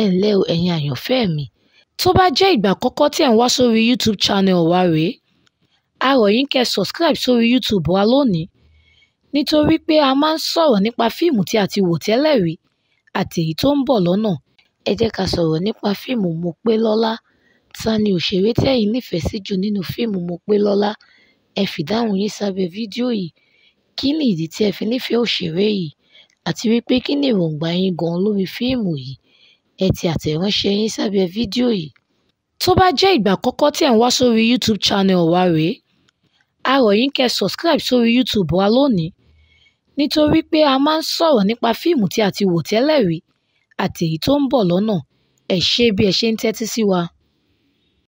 ẹ ǹlẹ́ o ẹ̀yin àyànfẹ́ mi tó bá jẹ́ ìgbà àkọ́kọ́ tí ẹ̀ ń wá sórí youtube channel wa rèé a rọ̀ yín kẹ́ ẹ subscribe sórí youtube wa lónìí nítorí pé a máa ń sọ̀rọ̀ nípa fíìmù tí a ti wò tẹ́lẹ̀ rí àti èyí tó ń bọ̀ lọ́nà ẹ jẹ́ ká sọ̀rọ̀ nípa fíìmù Mopélọ́lá ta ni òṣèré tẹ́yin nífẹ̀ẹ́ sí jù nínú fíìmù Mopélọ́lá ẹ fìdáhùn yín sábẹ́ fídíò yìí kí ni ìdí tí ẹ fi nífẹ̀ẹ́ òṣèré yìí àti wípé kí ni èròǹgbà yín gan-an lórí fíìmù yìí Ẹ tẹ àtẹ̀ránṣẹ́ yín sábẹ́ fídíò yìí. Tó bá jẹ́ ìgbà àkọ́kọ́ tí ẹ̀ ń wá sórí YouTube channel wa rèé, a rọ̀ yín kẹ́ ẹ subscribe sórí YouTube wa lónìí nítorí pé a máa ń sọ̀rọ̀ nípa fíìmù tí a ti wò tẹ́lẹ̀ rí àti èyí tó ń bọ̀ lọ́nà. Ẹ ṣé bí ẹ ṣe ń tẹ́tí sí wa.